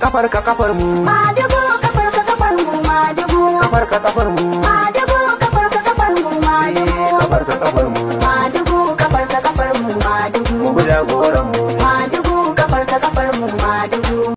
kafar ka kafar mu madugu kafar ka kafar mu madugu kafar ka kafar mu madugu kafar ka kafar mu madugu eh, kafar ka kafar mu madugu kafar ka kafar mu madugu mu jagoran mu madugu kafar ka kafar mu